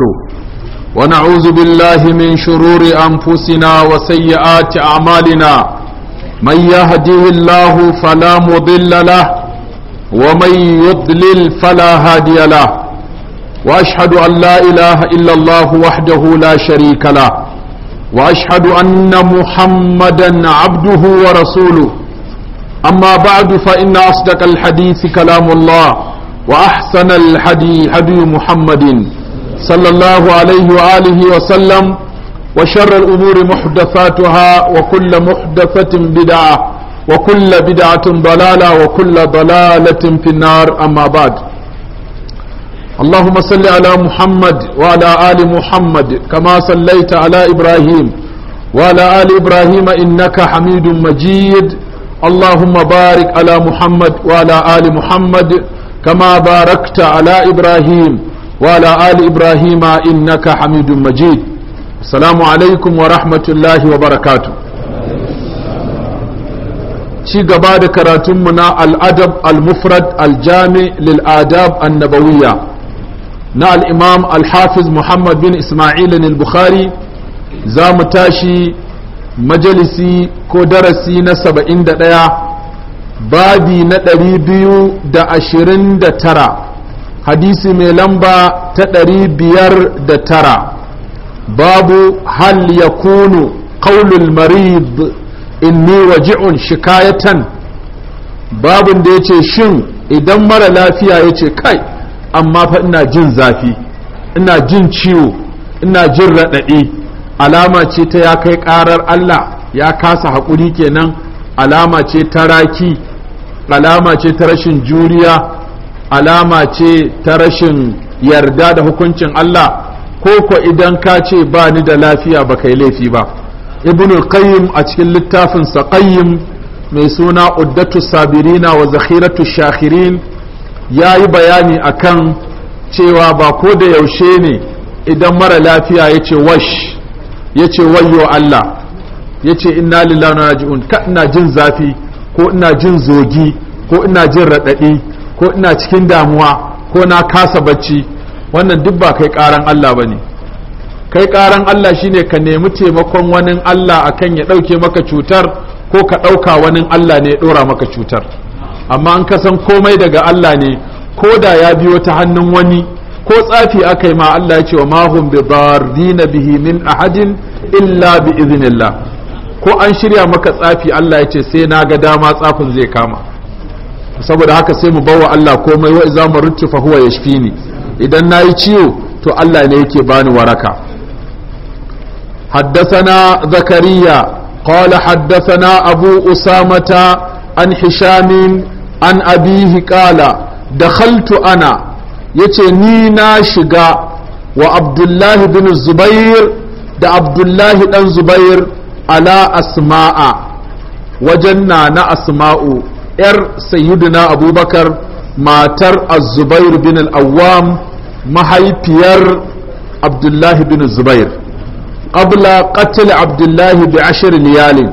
نستغفره ونعوذ بالله من شرور أنفسنا وسيئات أعمالنا من يهديه الله فلا مضل له ومن يضلل فلا هادي له وأشهد أن لا إله إلا الله وحده لا شريك له وأشهد أن محمدا عبده ورسوله أما بعد فإن أصدق الحديث كلام الله وأحسن الحديث هدي محمد صلى الله عليه وآله وسلم وشر الأمور محدثاتها وكل محدثة بدعة وكل بدعة ضلالة وكل ضلالة في النار أما بعد اللهم صل على محمد وعلى آل محمد كما صليت على إبراهيم وعلى آل إبراهيم إنك حميد مجيد اللهم بارك على محمد وعلى آل محمد كما باركت على إبراهيم ali وعلى آل إبراهيم Hamidu حميد مجيد alaikum wa ورحمة wa barakatu. ci gaba da karatunmu na al'adab al-mufrad al-jami lil'adab annabawiyya na al'imam al-hafiz muhammad bin ismail al-bukhari za mu tashi majalisi ko darasi na saba'in da ɗaya babi na ɗari biyu da ashirin da tara hadisi mai lamba ta ɗari biyar da tara babu hal ya kunu ƙaunul marid inni waji'un shikayatan babin da ya ce shin idan mara lafiya ya ce kai amma fa ina jin zafi ina jin ciwo ina jin raɗaɗi alama ce ta ya kai ƙarar Allah ya kasa haƙuri kenan alama ce ta raki alama ce ta rashin juriya alama ce ta rashin yarda da hukuncin Allah ko ko idan ka ce ba ni da lafiya ba kai laifi ba ibnu qayyim a cikin littafin sa qayyim mai suna uddatu sabirina wa zakhiratu shakirin ya yi bayani akan cewa ba ko da yaushe ne idan mara lafiya ya ce wash ya ce wayo Allah ya ce inna lillahi wa raji'un ka ina jin zafi ko ina jin zogi ko ina jin raɗaɗi ko ina cikin damuwa ko na kasa bacci wannan duk ba kai karan Allah bane kai karan Allah shine ka nemi taimakon wani Allah akan ya ɗauke maka cutar ko ka ɗauka wani Allah ne ya dora maka cutar amma an kasan komai daga Allah ne ko da ya biyo ta hannun wani ko tsafi aka yi ma Allah ya ce wa mahum bi dina bihi min ahadin illa bi iznillah ko an shirya maka tsafi Allah ya ce sai na ga dama tsafin zai kama saboda haka sai mu bawa Allah komai wa iza marutu fa huwa yashfini idan nayi ciwo to Allah ne yake bani waraka haddathana zakariya qala haddathana abu usamata an hishamin an abihi da dakhaltu ana yace ni na shiga wa abdullahi bin zubair da abdullahi dan zubair ala asma'a wajen na na asma'u 'yar Sayyidina abubakar matar az-zubair bin al mahaifiyar abdullahi bin zubair qabla qatl abdullahi bi ashir liyalin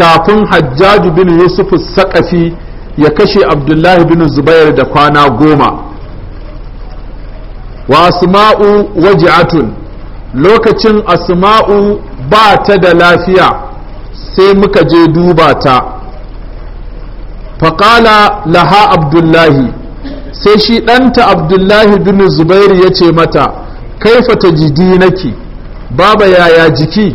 kafin hajjaj bin yusuf saqafi ya kashe abdullahi bin zubair da kwana goma wa asma'u waji'atun lokacin asma'u ba ta da lafiya sai muka je duba ta faƙala laha abdullahi sai shi ɗanta abdullahi bin zubairu ya ce mata kaifa ta jidi naki baba yaya jiki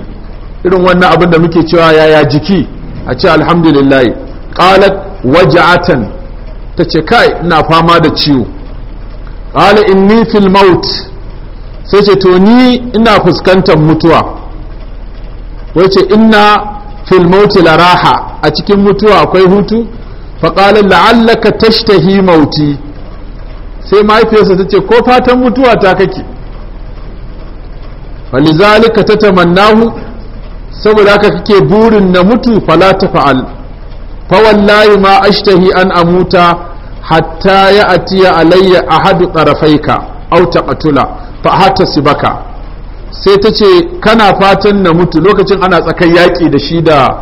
irin wannan abin da muke cewa yaya jiki a ce alhamdulillahi ƙalat waja'atan ta ce kai ina fama da ciwo ƙala inni fil maut sai ce to ni ina fuskantar mutuwa wace inna fil mauti la raha a cikin mutuwa akwai hutu faƙali la'allaka tashtahi mauti sai mahaifiyarsa ta ce ko fatan mutuwa ta kake falizalika ta tamannahu saboda haka kake burin na mutu fala ta fa'al fawallahi ma ashtahi an amuta hatta ya atiya alayya ahadu ka au taqatula fa hatta sibaka sai ta ce kana fatan na mutu lokacin ana tsakan yaƙi da shi da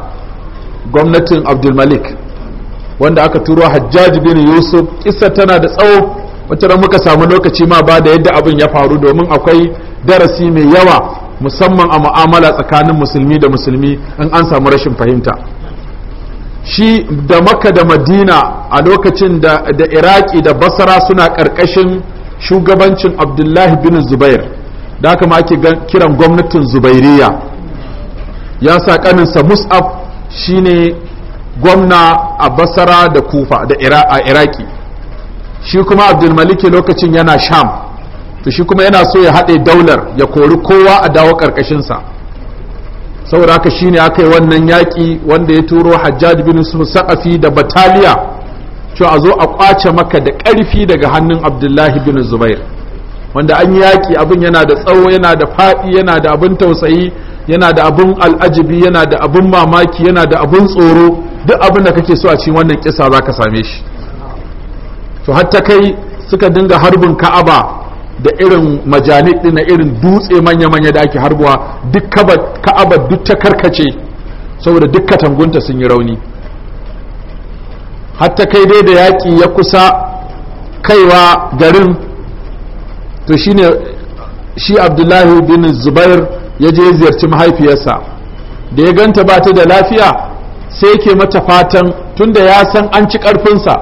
gwamnatin abdulmalik wanda aka turo hajjaji bin yusuf kissa tana da tsawo wacce da muka samu lokaci ma ba da yadda abin ya faru domin akwai darasi mai yawa musamman a mu'amala tsakanin musulmi da musulmi in an samu rashin fahimta shi da makka da madina a lokacin da da iraki da basara suna ƙarƙashin shugabancin abdullahi bin zubair da haka ma ake kiran gwamnatin zubairiya ya sa ƙaninsa mus'ab shine gwamna a basara da kufa da a iraki shi kuma abdulmaliki lokacin yana sham to shi kuma yana so ya haɗe daular ya kori kowa a dawo ƙarƙashinsa saboda haka shine aka yi wannan yaƙi wanda ya turo hajjaj bin sa'afi da bataliya cewa a zo a ƙwace maka da ƙarfi daga hannun abdullahi bin zubair wanda an yaƙi abin yana da tsawo yana da faɗi yana da abin tausayi yana da abin al'ajibi yana da abin mamaki yana da abin tsoro duk abin da kake so a cikin wannan kisa za ka same shi to hatta kai suka dinga harbin ka'aba da irin majani na irin dutse manya-manya da ake harbuwa duk ka'aba duk ta karkace saboda duk katangunta sun yi rauni hatta kai dai da yaki ya kusa kaiwa garin to shine shi abdullahi bin zubair ya je ziyarci mahaifiyarsa da ya ganta ba ta da lafiya sai yake mata fatan tunda ya san an ci ƙarfinsa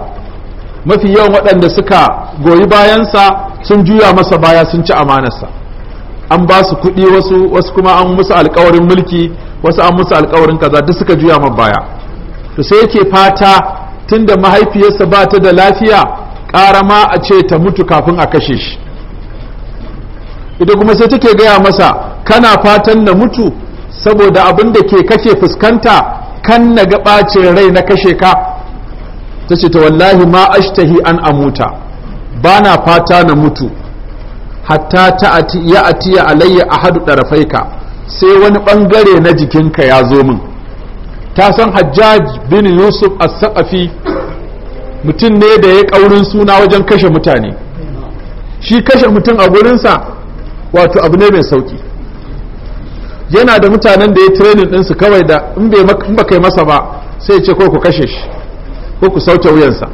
mafi yawan waɗanda suka goyi bayansa sun juya masa baya sun ci amanarsa an ba su kuɗi wasu wasu kuma an musu alkawarin mulki wasu an musu alkawarin kaza duk suka juya ma baya to sai yake fata tunda mahaifiyarsa ba ta da lafiya ƙara ma a ce ta mutu kafin a kashe shi ita kuma sai take gaya masa kana fatan na mutu saboda abin da ke kake fuskanta kan na ga ɓacin rai na kashe ka ta ce ta wallahi ma ashtahi an amuta ba na fata na mutu hatta ta ya atiya alayya a hadu ɗarafaika sai wani ɓangare na jikinka ya zo min ta san hajjaj bin yusuf as-saqafi mutum ne da ya ƙaurin suna wajen kashe mutane shi kashe mutum a gurinsa wato abu ne mai sauki yana da mutanen da ya training su kawai da in ba kai masa ba sai ce ko ku kashe shi ko ku sauke wuyansa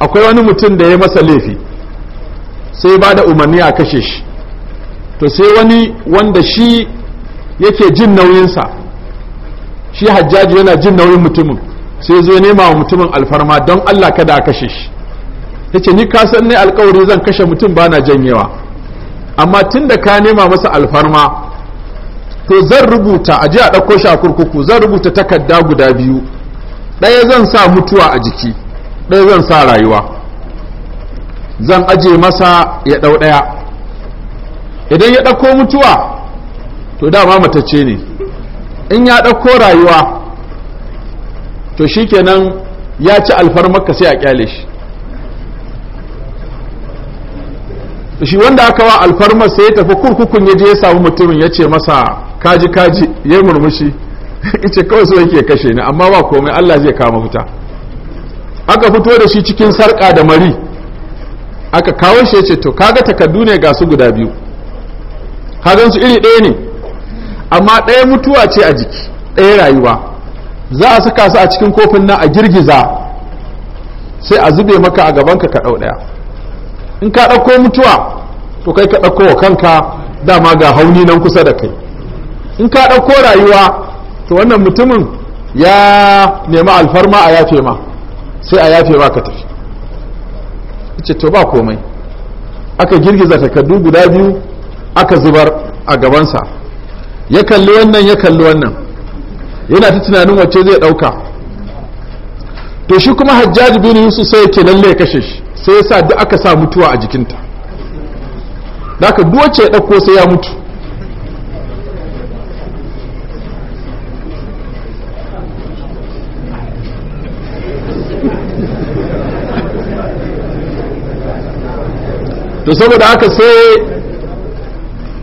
akwai wani mutum da ya masa laifi sai ba da umarni a kashe shi to sai wani wanda shi yake jin nauyinsa shi hajjaji yana jin nauyin mutumin sai zo nema wa mutumin alfarma don allah kada a kashe shi yace ce ni kasan ne alkawari zan kashe mutum ba na janyewa amma tun da ka nema masa alfarma to zan rubuta a a ɗauko shi a kurkuku zan rubuta takarda guda biyu ɗaya zan sa mutuwa a jiki ɗaya zan sa rayuwa zan aje masa ya ɗau ɗaya idan ya ɗauko mutuwa to dama matace ne in ya ɗauko rayuwa to shi shikenan ya ci ka sai a ƙyale shi shi wanda aka wa alfarma sai ya tafi kurkukun ya je ya samu mutumin ya ce masa kaji kaji ya murmushi ice kawai so yake kashe ni amma ba komai Allah zai kama fita aka fito da shi cikin sarka da mari aka kawo shi ya ce to kaga takardu ne ga su guda biyu kagan su iri ɗaya ne amma ɗaya mutuwa ce a jiki ɗaya rayuwa za a saka su a cikin kofin nan a girgiza sai a zube maka a gabanka ka ɗau ɗaya in ka ɗauko mutuwa to kai ka ɗauko wa kanka dama ga hauni nan kusa da kai in ka ɗauko rayuwa to wannan mutumin ya nemi alfarma a yafe ma sai a yafe ma ka tafi ce to ba komai aka girgiza takardu guda biyu aka zubar a gabansa ya kalli wannan ya kalli wannan yana ta tunanin wacce zai ɗauka to shi kuma hajjaji bin yusuf sai ya lalle ya kashe shi sai ya sa duk aka sa mutuwa a jikinta da aka duwace ya ɗauko sai ya mutu to saboda haka sai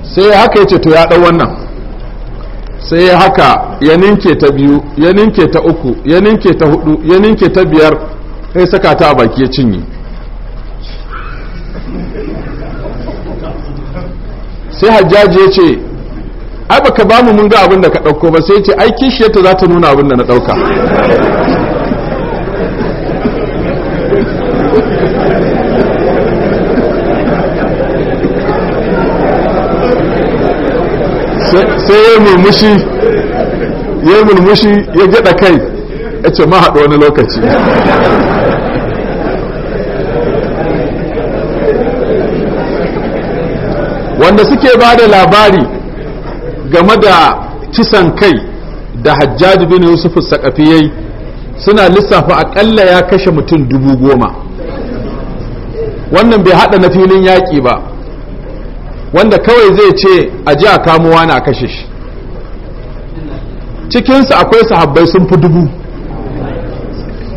sai haka yace to ya dau wannan sai haka ya ninke ta biyu ya ninke ta uku ya ninke ta hudu ya ninke ta biyar sai saka ta a baki ya cinye sai hajjaji ya ce ai baka ba mu mun ga abin da ka ɗauko ba sai ce ai kishiyarta za ta nuna abin da na ɗauka sai ya murmushi ya murmushi ya gyaɗa kai ya ce ma haɗu wani lokaci waɗanda suke ba da labari game da kisan kai da hajjaji bin yusuf sakafiyai suna lissafa aƙalla ya kashe mutum dubu goma wannan bai haɗa na filin yaƙi ba wanda kawai zai ce a ji a kamuwa na kashe shi cikinsu akwai sahabbai sun fi dubu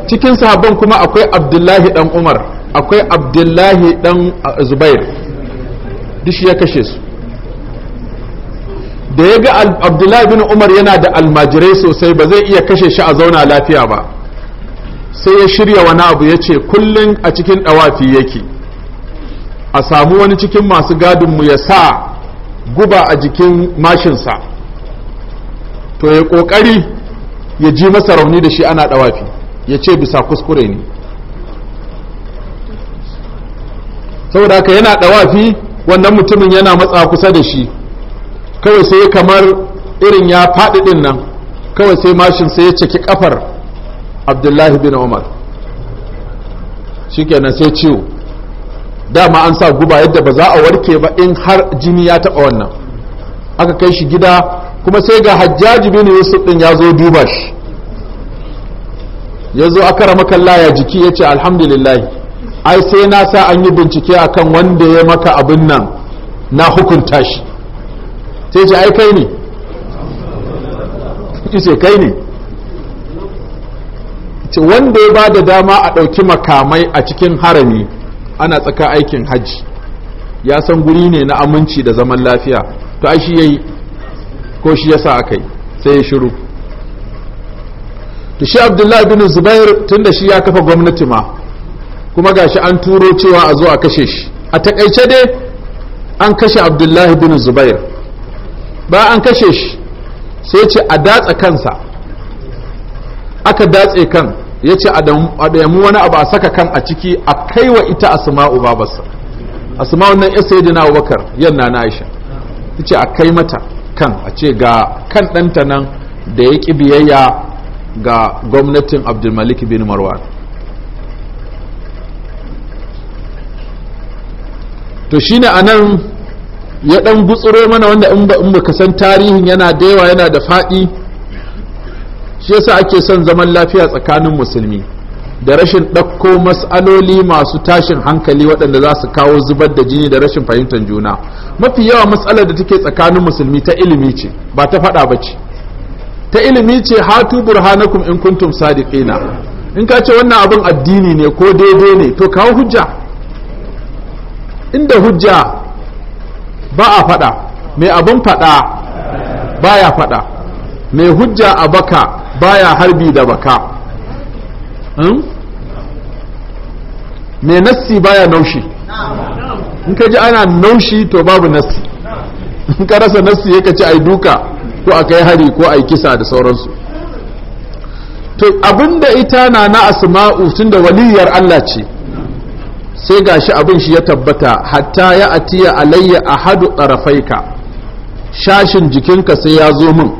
cikin sahabban kuma akwai abdullahi ɗan umar akwai abdullahi ɗan zubair duk ya kashe su da ya ga abdullahi bin umar yana da almajirai sosai ba zai iya kashe shi a zauna lafiya ba sai ya shirya wani abu ya ce kullum a cikin ɗawafi yake a samu wani cikin masu gadinmu ya sa guba a jikin mashinsa to ya ƙoƙari ya ji masa rauni da shi ana dawafi ya ce bisa kuskure ne saboda haka yana dawafi. wannan mutumin yana matsa kusa da shi kawai sai kamar irin ya faɗi ɗin nan kawai sai mashin sai ya ciki kafar abdullahi bin umar shikenan sai ciwo dama an sa guba yadda ba za a warke ba in har jini ya taɓa wannan aka kai shi gida kuma sai ga hajjaji bin yusuf ɗin ya zo duba shi ya zo aka ya jiki ya ce alhamdulillahi ai sai na sa an yi bincike akan wanda ya maka abin nan na hukunta shi sai ce ai kai ne ce kai ne ce wanda ya ba da dama a ɗauki makamai a cikin harami ana tsaka aikin hajji ya san guri ne na aminci da zaman lafiya to ai shi ya yi ko shi ya sa aka yi sai ya shiru to shi abdullahi bin zubair da shi ya kafa gwamnati ma kuma gashi an turo cewa a zo a kashe shi a takaice dai an kashe abdullahi bin zubair ba an kashe shi sai ce a datsa kansa aka datse kan ya ce a damu wani abu a saka kan a ciki a kai wa ita asma'u babarsa asma'u nan ya yi dina wakar yanna na aisha ta ce a kai mata kan a ce ga kan ɗanta nan da ya ƙi biyayya ga gwamnatin abdulmalik bin marwan to shine anan ya ɗan gutsuro mana wanda in ba ka san tarihin yana da yawa yana da faɗi shi yasa ake son zaman lafiya tsakanin musulmi da rashin ɗakko matsaloli masu tashin hankali waɗanda za su kawo zubar da jini da rashin fahimtar juna mafi yawa matsalar da take tsakanin musulmi ta ilimi ce ba ta faɗa ba ce ta ilimi ce hatu burhanakum in kuntum sadiqina in ka ce wannan abin addini ne ko daidai ne to kawo hujja inda hujja ba a faɗa mai abin faɗa ya faɗa mai hujja a baka ba ya harbi da baka hmm? mai nassi ba ya naushi in ka ji ana naushi to babu nassi in ka rasa nassi ya ka ci duka ko a kai hari ko yi kisa da sauransu to abinda ita na na asma'u tunda waliyar Allah ce sai ga shi abin shi ya tabbata hatta ya atiya alayya ahadu tarafaika shashin jikinka sai ya zo min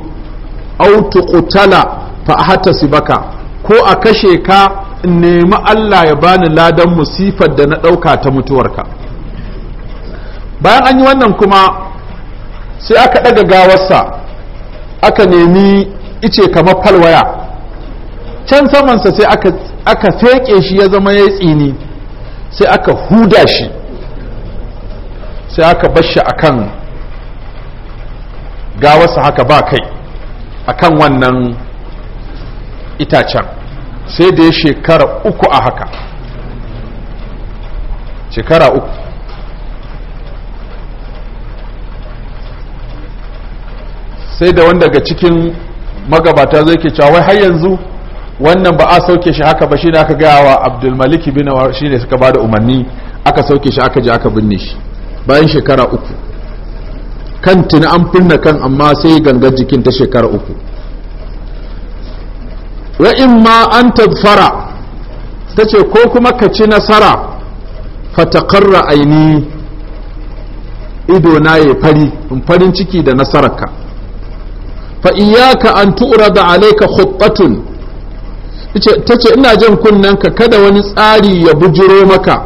au tuqtala fa ahtasibaka ko a kashe ka in nemi Allah ya bani ladan musifar da na dauka ta mutuwarka bayan an yi wannan kuma sai aka daga gawarsa aka nemi ice kamar falwaya can samansa sai aka feke shi ya zama ya yi tsini sai aka huda shi sai aka bashi akan gawarsa haka ba kai akan wannan itacen sai da ya shekara uku a haka shekara uku sai da wanda daga cikin magabata zai ke cewa wai har yanzu wannan ba a sauke shi haka ba shine aka gaya wa abdulmalik bin shine suka bada umarni aka sauke shi aka ji aka binne shi bayan shekara uku kan tuni an finna kan amma sai gangar jikin ta shekara uku wa in ma an tadfara ta ce ko kuma ka ci nasara fatakarra aini ido na ya fari in farin ciki da nasararka fa iyaka an tu'rada alayka khuttatun ta ce ina jan ka kada wani tsari ya bujiro maka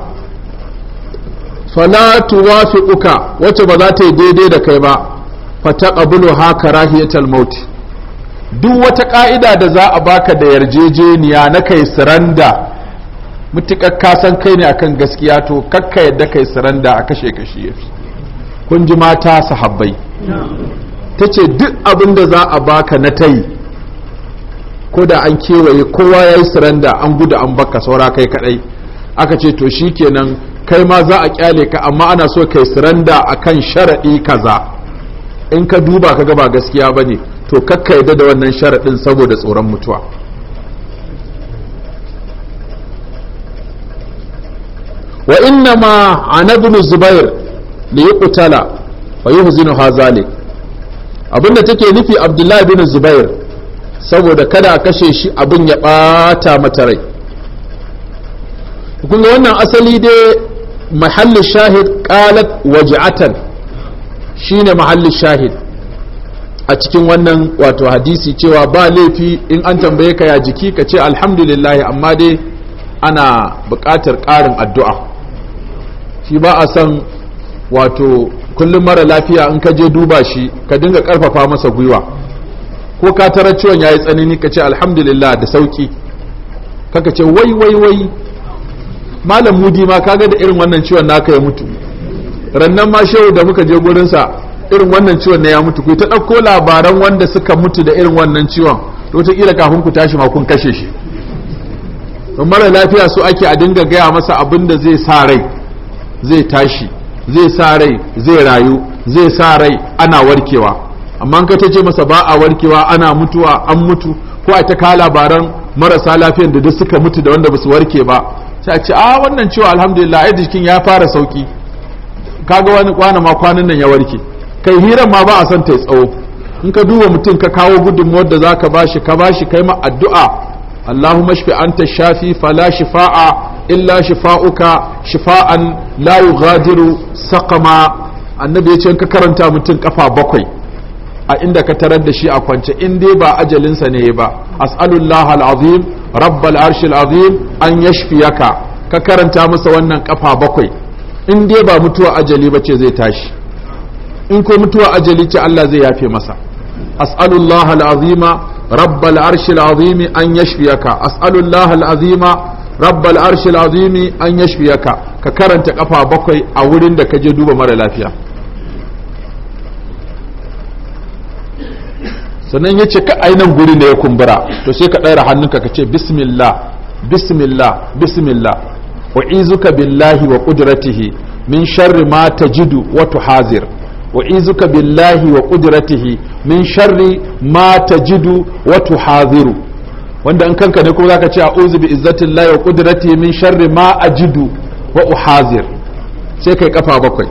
fala tuwafiquka wacce ba za ta yi daidai da kai ba fataqabulu haka rahiyatal maut duk wata ka'ida da za a baka da yarjejeniya na kai siranda mutukar ka kai ne akan gaskiya to kakka yadda kai siranda a kashe kashi yafi kun ji mata sahabbai Ta ce duk abin da za a baka na tayi ko da an kewaye kowa ya yi siranda an gudu an baka saura kai kadai aka ce to shi kenan kai ma za a kyale ka amma ana so kai a kan sharaɗi kaza in ka duba ka gaba gaskiya ba ne to kakka yadda da wannan sharaɗin saboda tsoron mutuwa wa inna ma a nabinu zubair da ya kutala wa yi huzinu hazali abinda take nufi abdullahi bin zubair saboda kada a kashe shi abin ya ɓata mata rai kun wannan asali dai mahallin shahid qalat waj'atan shine mahallin shahid a cikin wannan wato hadisi cewa ba laifi in an tambaye ka ya jiki ka ce alhamdulillah amma dai ana buƙatar ƙarin addu'a shi ba a san wato kullum mara lafiya in ka je duba shi ka dinga ƙarfafa masa gwiwa ko ka tara ciwon ya yi tsanani ka ce alhamdulillah da sauki kaka ce wai wai wai malam mudi ma kaga da irin wannan ciwon naka ya mutu rannan ma shehu da muka je gurinsa irin wannan ciwon ne ya mutu ku ta ɗauko labaran wanda suka mutu da irin wannan ciwon to ta kila kafin ku tashi ma kun kashe shi don mara lafiya su ake a dinga gaya masa abin da zai sa rai zai tashi zai sa rai zai rayu zai sa rai ana warkewa amma ka ta ce masa ba a warkewa ana mutuwa an mutu ko a ta ka labaran marasa lafiyan da duk suka mutu da wanda basu warke ba sai a ce a ah, wannan cewa alhamdulillah ai jikin ya fara sauki kaga wani kwana ma kwanan nan ya warke kai hiran ma ba a son ta tsawo in ka duba mutum ka kawo gudunmuwar da zaka bashi ka bashi kai ma addu'a اللهم اشف أنت الشافي فلا شفاء illa شفاؤك شفاء لا يغادر سقما annabi ya ce in ka karanta mutum kafa bakwai a inda ka tarar da shi a kwance in dai ba ajalinsa ne ba as'alullah al'azim rabbal arshil azim an yashfiyaka ka karanta masa wannan kafa bakwai in dai ba mutuwa ajali ba ce zai tashi in ko mutuwa ajali ce Allah zai yafe masa as'alullah al'azima rabbal arshil azim an yashfiyaka as'alullah al'azima rabbal arshil azim an yashfiyaka ka karanta kafa bakwai a wurin da ka je duba mara lafiya sannan ya ce ka ainihin guri ne ya kumbura to sai ka ɗaira hannunka ka ce bismillah bismillah bismillah wa izuka billahi wa ƙudiratihi min sharri ma jidu wa hazir wa izuka billahi wa ƙudiratihi min sharri ma ta jidu wa haziru wanda in kanka ne kuma zaka ce uzu bi izzatillahi wa qudratihi min sharri ma a jidu wa uhazir sai kai ƙafa bakwai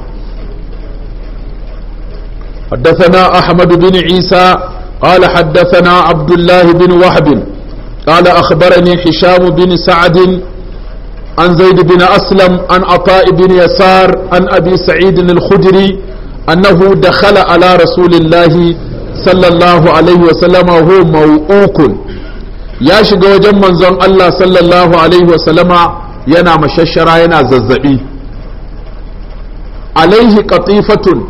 حدثنا أحمد بن عيسى قال حدثنا عبد الله بن وهب قال أخبرني هشام بن سعد عن زيد بن أسلم عن عطاء بن يسار عن أبي سعيد الخدري أنه دخل على رسول الله صلى الله عليه وسلم وهو موؤوك يا شجا وجم منزون الله صلى الله عليه وسلم ينا مششرا ينا ززبي عليه قطيفة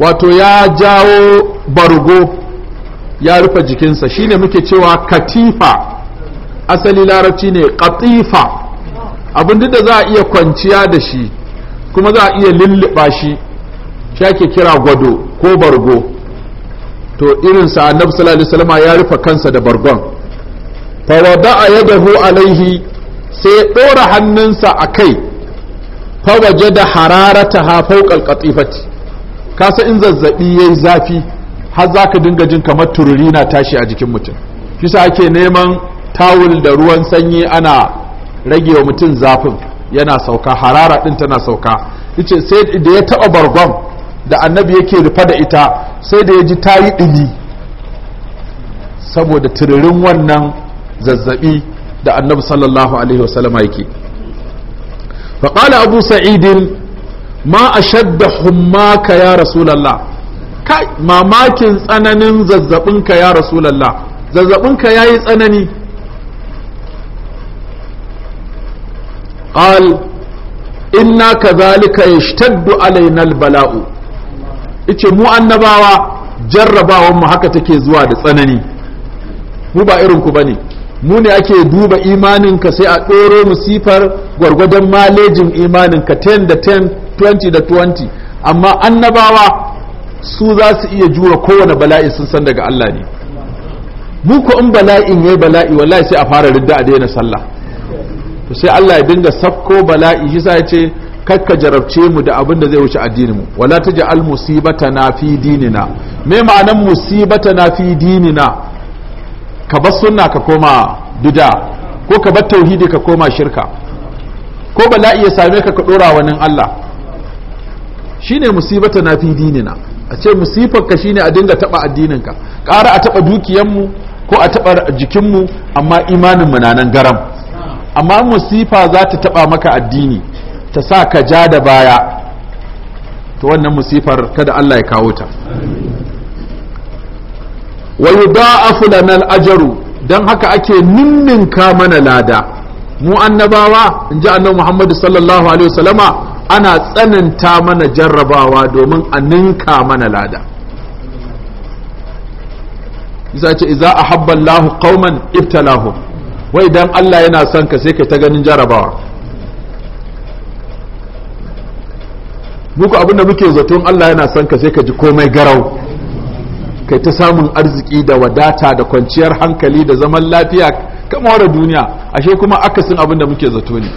wato ya jawo bargo ya rufe jikinsa shine muke cewa katifa asali larabci ne katifa abin da za a iya kwanciya da shi kuma za a iya lulluɓa shi shi ake kira gwado ko bargo to irin annabi sallallahu alaihi ya rufe kansa da bargon fa wada'a yadahu alaihi sai ya ɗora hannunsa a kai fa waje da hararata ha fawqa kasa in zazzabi yayi zafi har za ka dinga jin kamar tururi na tashi a jikin mutum shi sa ake neman tawul da ruwan sanyi ana rage wa mutum zafin yana sauka harara ɗin tana sauka ita sai da ya taɓa bargon da annabi yake rufa da ita sai da ya ji ta yi dumi saboda tururin wannan zazzabi da annabi sallallahu alaihi wasallam yake فقال abu سعيد ما أشد حماك يا ya الله kai mamakin tsananin ka ya rasulallah zazzabinka ya yi tsanani qal inna kazalika yashtaddu alaina Bala'u. ice mu annabawa jarrabawan mu haka take zuwa da tsanani mu ba irin ku bane mu ne ake duba imaninka sai a ɗoro musifar gwargwadon malejin imaninka 10 da 10 20 da 20 amma annabawa su za su iya jura kowane bala'i sun san daga Allah ne mu in bala'in yayi bala'i wallahi sai a fara ridda a daina sallah to sai Allah ya dinga sakko bala'i shi sai ya ce kakka jarabce mu da abin da zai wuce addinin mu wala taj'al musibata na fi dinina me ma'anan musibata na fi dinina ka bar sunna ka koma bid'a ko ka bar tauhidi ka koma shirka ko bala'i ya same ka ka dora wa nan Allah shine musibata na fi dinina a ce musifarka shine a dinga taba addininka ƙara a taba dukiyanmu ko a taba jikinmu amma imaninmu na nan garam amma musifa za ta taba maka addini ta sa ka ja da baya Ta wannan musifar kada Allah ya kawo ta wa ba lana al-ajru dan haka ake ninninka mana lada mu annabawa inji annabi Muhammadu sallallahu alaihi wasallama ana tsananta mana jarrabawa domin a ninka mana lada isa ce iza a habban lahu kauman ibtalahu wai idan Allah yana son ka sai ka ta ganin jarrabawa muku abinda muke zaton Allah yana son ka sai ka ji komai garau kai ta samun arziki da wadata da kwanciyar hankali da zaman lafiya kama da duniya ashe kuma akasin abinda muke zato ne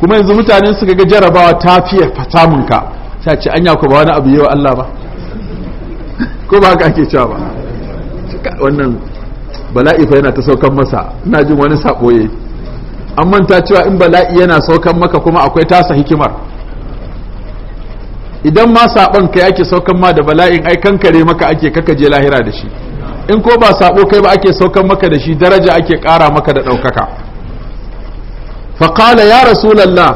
kuma yanzu mutane suka ga jarabawa ta fiye fatamunka Ta ce anya ku ba wani abu wa Allah ba ko ba haka ake cewa ba wannan bala'i fa yana ta saukan masa ina jin wani sako yayi an manta cewa in bala'i yana saukan maka kuma akwai tasa hikimar idan ma saban ka yake saukan ma da bala'in ai kankare maka ake kaka je lahira da shi in ko ba sabo kai ba ake saukan maka da shi daraja ake kara maka da daukaka faƙala ya lalla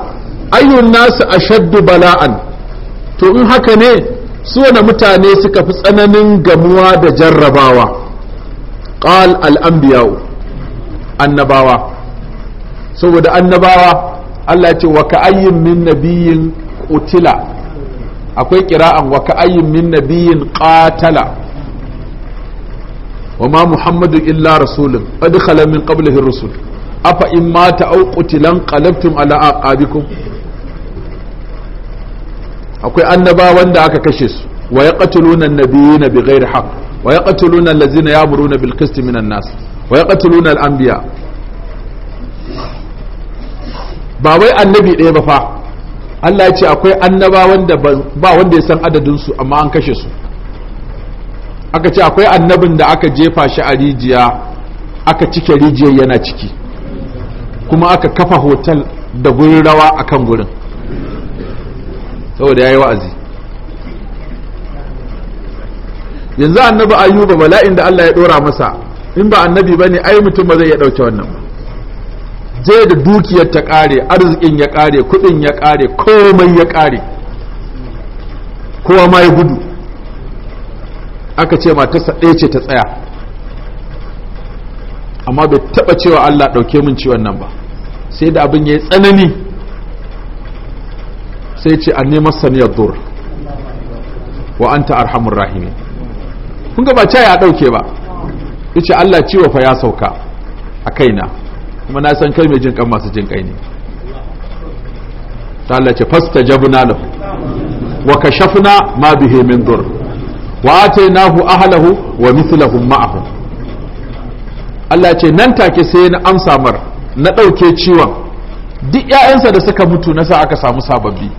ayyun nasu shaddu bala'an to in haka ne su wane mutane suka fi tsananin gamuwa da jarrabawa ƙal al'ambiya'u annabawa saboda annabawa Allah ce wa ka'ayyin min nabiyin kutila akwai kira'an wa ka'ayyin min nabiyin ƙatala wa ma muhammadu illa rasulun qad min qablihi rusul afa in mata au qutilan qalabtum ala aqabikum akwai annaba wanda aka kashe su wa yaqtuluna an-nabiyina bighairi haqq wa yaqtuluna allazina ya'muruna bil qisti minan nas wa yaqtuluna al-anbiya ba wai annabi ɗaya ba fa Allah ya ce akwai annaba wanda ba wanda ya san adadin su amma an kashe su aka ce akwai annabin da aka jefa shi a rijiya aka cike rijiyar yana ciki kuma aka kafa hotel da gurin rawa a kan gurin saboda ya yi wa'azi yanzu annabi ayuba bala'in da Allah ya ɗora masa in ba annabi ba ne ai mutum ba zai ya ɗauke wannan je da dukiyar ta ƙare arzikin ya ƙare kuɗin ya ƙare komai ya ƙare kowa ma ya gudu aka ce matarsa ɗaya ce ta tsaya amma bai taba cewa Allah dauke min ciwon nan ba sai da abin ya yi tsanani sai ce an neman saniyar dur wa an ta arhamun rahimi kun ga ba ca ya ɗauke ba ce Allah ciwo fa ya sauka a kaina kuma na san kai mai jin kan masu jin kai ne ta Allah ce fasta jabuna lahu wa kashafna ma bihi min dur wa atainahu ahlahu wa mithlahum ma'ahum Allah ce nan take sai na amsa mar na ɗauke ciwon duk ‘ya'yansa da suka mutu na sa aka samu sababbi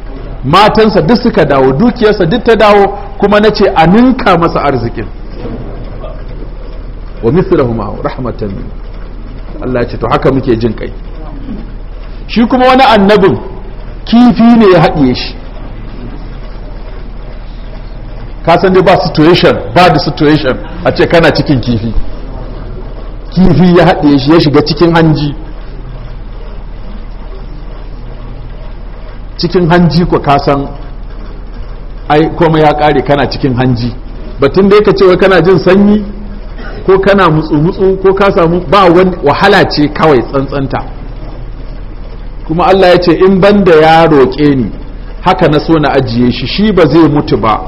matansa duk suka dawo dukiyarsa duk ta dawo kuma na ce a ninka masa arzikin wa mithlahuma rahmatan min Allah ce to haka muke jin kai shi kuma wani annabin kifi ne ya haɗiye shi ka san dai ba situation bad situation a ce kana cikin kifi kifi ya haɗe shi ya shiga cikin hanji cikin hanji ko kasan ai kuma ya ƙare kana cikin hanji batun da yake cewa kana jin sanyi ko kana mutsu-mutsu ko ka samu ba wahala ce kawai tsantsanta kuma Allah ya ce in banda ya roƙe ni haka na so na ajiye shi shi ba zai mutu ba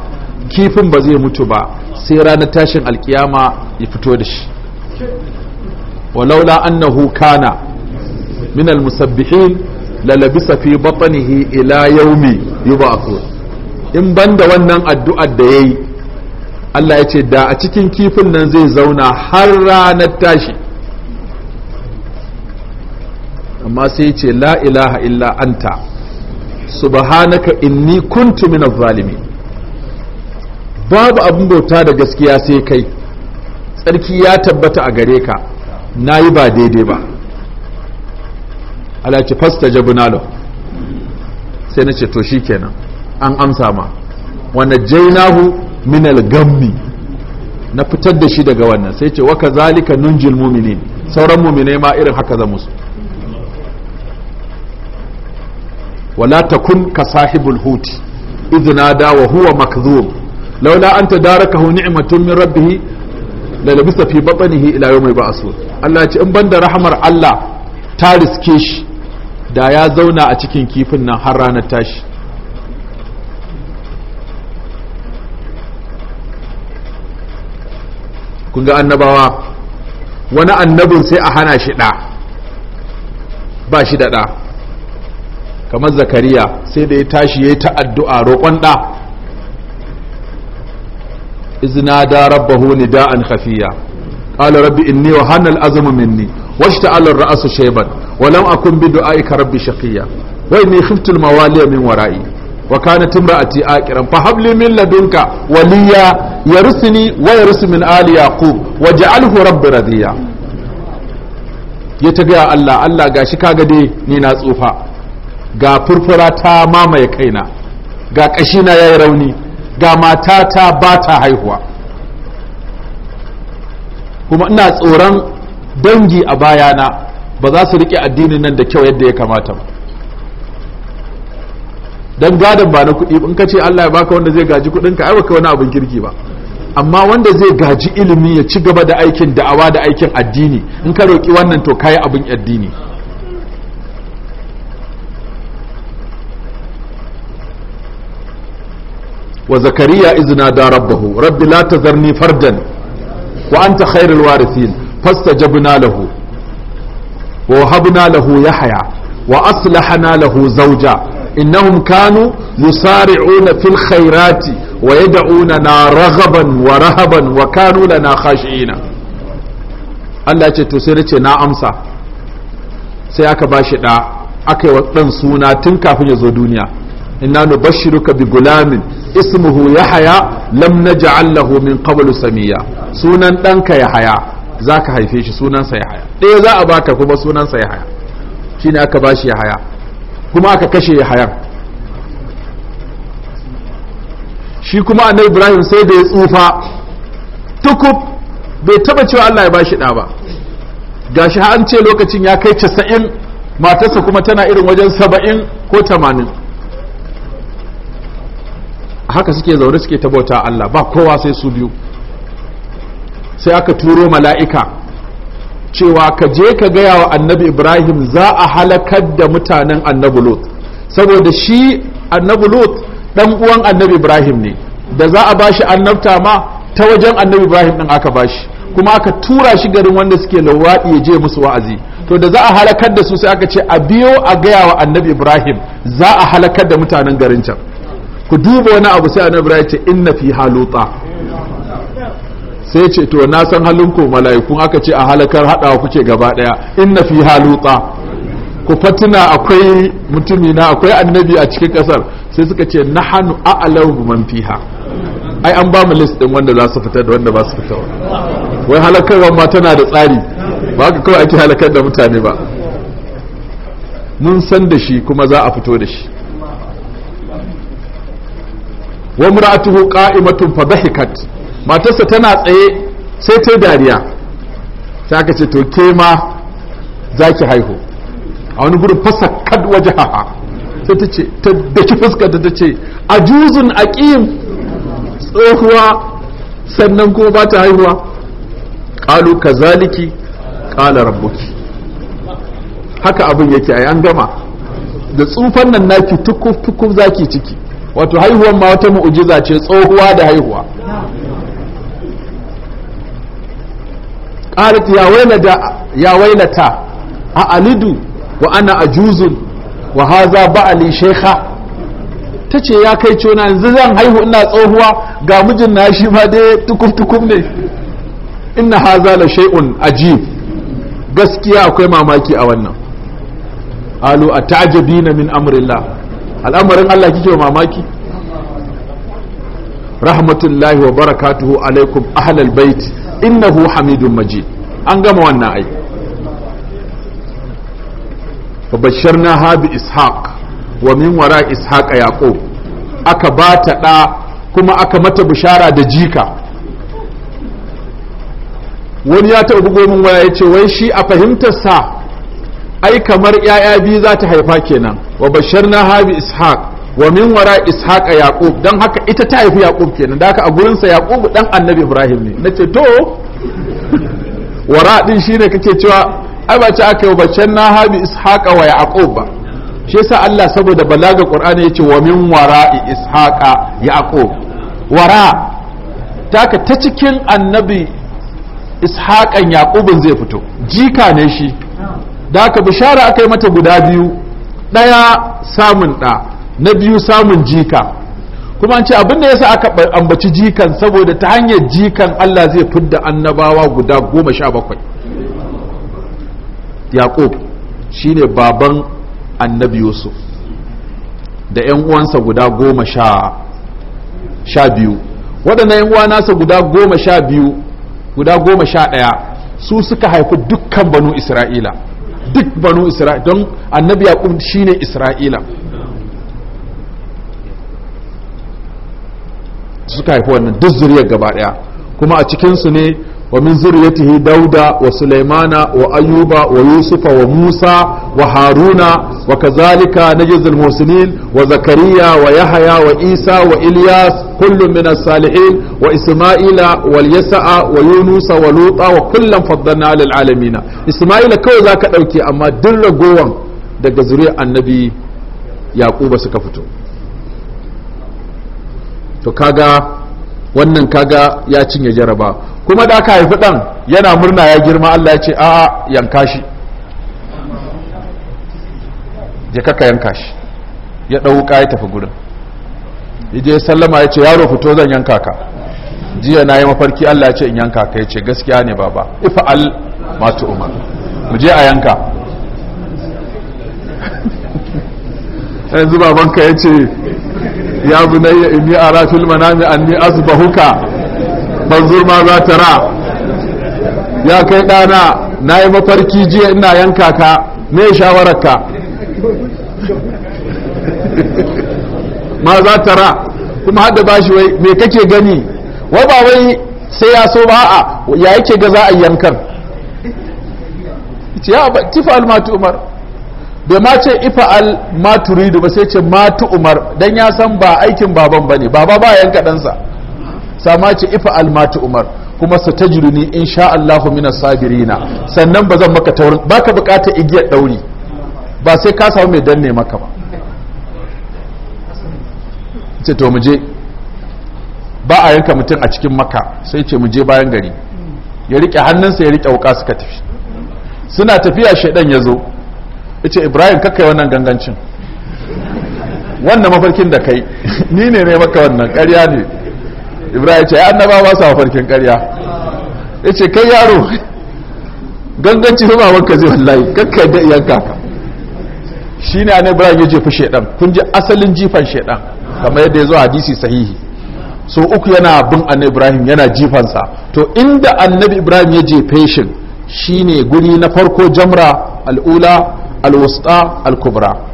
kifin ba zai mutu ba sai ranar tashin alkiyama ya fito da shi walaula annahu kana min almusabbihin lalabisa fi batnihi ila yaumi yub'athun in banda wannan addu'ar da yayi Allah ya ce da a cikin kifin nan zai zauna har ranar tashi amma sai ce la ilaha illa anta subhanaka inni kuntu minaz zalimin babu abin bauta da gaskiya sai kai tsarki ya tabbata a gare ka na yi ba daidai ba alaci fasta jabunalo sai na ce to shi kenan an amsa ma wanda jainahu minal gammi na fitar da shi daga wannan sai ce waka zalika nunjil mumini sauran mumine ma irin haka za musu wala takun ka sahibul huti Izina da wa huwa makdhub laula an tadarakahu ni'matun min rabbih da labisa fi batnihi ila yawmi ba'su Allah ya ce in banda rahamar Allah ta riske shi da ya zauna a cikin kifin nan har ranar tashi kun ga annabawa wani annabin sai a hana shi ɗa ba shi da ɗa kamar zakariya sai da ya tashi ya yi ta addu'a roƙon ɗa izna da rabbahu nida'an khafiya qala rabbi inni wa hanal azmu minni washta'ala ar-ra'su shayban wa lam akun bi du'aika rabbi shaqiya Wai inni khiftu al min wara'i wa kanat imra'ati aqiran fa habli min ladunka waliya yarsini wa yarsu min ali yaqub waj'alhu rabbi radiya ya ta gaya Allah Allah gashi ka dai ni na tsufa ga furfura ta mamaye kaina ga ƙashina ya yi rauni ga matata ba ta haihuwa kuma ina tsoron dangi a bayana ba za su riƙe addinin nan da kyau yadda ya kamata ba don gadon ba na kuɗi in ka ce Allah ya baka wanda zai gaji kuɗinka ai baka wani abin girki ba amma wanda zai gaji ilimi ya ci gaba da aikin da'awa da aikin addini in ka roƙi wannan to kayi abin addini wa zakariya izina da rabbahu rabbi la tazarni fardan wa anta khairul warithin fastajabna lahu wa wahabna lahu yahya wa aslahna lahu zawja innahum kanu yusari'una fil khairati wa yad'unana raghaban wa rahaban wa kanu lana khashi'ina Allah ce to sai ce na amsa sai aka bashi da aka yi wa dan suna tun kafin ya zo duniya inna nubashshiruka bi gulamin ismuhu yahaya lam naj'al lahu min qablu samiya sunan danka yahaya zaka haife shi sunansa yahaya ɗaya za a baka kuma sunansa yahaya shine aka bashi yahaya kuma aka kashe yahayan shi kuma annabi ibrahim sai da ya tsufa tukub bai taba cewa Allah ya bashi ɗa ba gashi har an ce lokacin ya kai casa'in matarsa kuma tana irin wajen saba'in ko tamanin. haka suke zaune suke ta bauta Allah ba kowa sai su biyu sai aka turo mala'ika cewa ka je ka gaya wa annabi ibrahim za a halakar da mutanen annabi lot saboda shi annabi lot dan uwan annabi ibrahim ne da za a bashi annabta ma ta wajen annabi ibrahim din aka bashi kuma aka tura shi garin wanda suke lawadi ya je musu wa'azi to da za a halakar da su sai aka ce a biyo a gaya wa annabi ibrahim za a halakar da mutanen garin can ku duba wani abu sai annabi ya ce inna fi haluta sai ce to na san halin ku mala'ikun aka ce a halakar hadawa kuke gaba daya inna fi haluta ku fatina akwai mutumi na akwai annabi a cikin kasar sai suka ce nahanu a'lamu man fiha ai an ba mu list din wanda za su fita da wanda ba su fita wai halakarwa ma tana da tsari ba ka kawai ake halakar da mutane ba mun san da shi kuma za a fito da shi wa muratuhu qa'imatun fa dhahikat matarsa tana tsaye sai ta dariya ta aka ce to ke ma zaki haihu a wani gurin fasa kad wajaha sai ta ce ta daki fuskar ta ce ajuzun aqim tsohuwa sannan kuma ba ta haihuwa qalu kazaliki qala rabbuki haka abin yake ai an gama da tsufan nan naki tukuf tukuf zaki ciki wato haihuwan ma wata mu'ujiza ce tsohuwa da haihuwa qalat ya wailata a alidu wa ana ajuzun wa haza ba'ali ta tace ya kai cona yanzu zan haihu ina tsohuwa ga mijin na shi ma dai tukuf tukuf ne inna haza la shay'un ajib gaskiya akwai mamaki a wannan alu atajabina min amrillah al'amarin Allah kike mamaki rahmatullahi wa barakatuhu alaikum ahlal bait innahu hamidun majid an gama wannan ai fa basharna hadi ishaq wa min wara ishaq yaqub aka bata da kuma aka mata bishara da jika wani ya taɓa bugo min waya ya ce wai shi a fahimtar sa ai kamar ‘ya'ya biyu za ta haifa kenan wa bashar na habi ishaq wa min wara ishaq yaqub don haka ita ta haifi yaqub kenan da haka a gurinsa yaqub dan annabi ibrahim ne na to wara din shine kake cewa ai ba ci aka yi bashar na habi ishaq wa yaqub ba shi yasa Allah saboda balaga Qur'ani yace wa min wara'i ishaq yaqub wara taka ta cikin annabi ishaqan yaqubin zai fito jika ne shi da aka bishara aka yi mata guda biyu ɗaya samun ɗa na biyu samun jika kuma an ce abin da yasa aka ambaci jikan saboda ta hanyar jikan Allah zai fidda annabawa guda goma sha bakwai yaƙub ne baban annabi yusuf da 'yan uwansa guda goma sha biyu waɗanda 'yan uwa nasa guda goma sha biyu guda goma sha ɗaya su suka haifi dukkan banu isra'ila duk banu isra'ila don annabi shi ne isra'ila suka haifi wannan duk zuriyar gaba daya kuma a cikinsu ne wa min zuriyatihi dauda wa sulaimana wa Ayuba wa yusufa wa musa wa haruna wa kazalika najzil muhsinin wa zakariya wa yahya wa isa wa ilyas kullum min as wa isma'ila wal yasa'a wa yunusa wa luta wa kullum faddalna alal alamin isma'ila kawai zaka dauke amma duk ragowan daga zuriyar annabi yaquba suka fito to kaga wannan kaga ya cinye jaraba kuma da aka haifi ɗan yana murna ya girma Allah ya ce a yanka shi ya kaka yanka shi ya ɗau ya tafi gudun Ije sallama ya ce yaro fito zan yanka ka jiya na yi mafarki Allah ya ce in yanka ka ya ce gaskiya ne baba ifa al matu umar mu je a yanka yanzu babanka ya ce ya bunayya yi a fil manami ni azubahuka banzur ma za ta ra ya kai ɗana na yi mafarki jiya ina yanka ka me shawararka ma za ta ra kuma hada ba shi wai me kake gani wa ba wai sai ya so ba a ya yake ga za a yankan ya ba Tifa almatu umar bai ma ce ifa almatu ridu ba sai ce matu umar dan ya san ba aikin baban ba ne. baba ba yanka ɗansa sama ce ifa almatu umar kuma sa ta jiruni in sha Allahu mina sabirina sannan ba zan maka taurin ba ka bukata igiyar dauri ba sai ka samu mai danne maka ba ce to mu ba a yanka mutum a cikin maka sai ce mu je bayan gari ya rike hannunsa ya riƙe wuka suka tafi suna tafiya shaidan ya zo ya ce ibrahim yi wannan gangancin wannan mafarkin da kai ni ne ne maka wannan karya ne ibrahim ce ya annaba ba sa farkin karya ya ce kai yaro ganganci ba wanka zai wallahi kakka da iyanka shi ne annabi ibrahim ya jefi shaidan kun ji asalin jifan shaidan kamar yadda ya zo hadisi sahihi so uku yana bin annabi ibrahim yana jifansa to inda annabi ibrahim ya jefe shi shine guri na farko jamra al'ula alwusta alkubra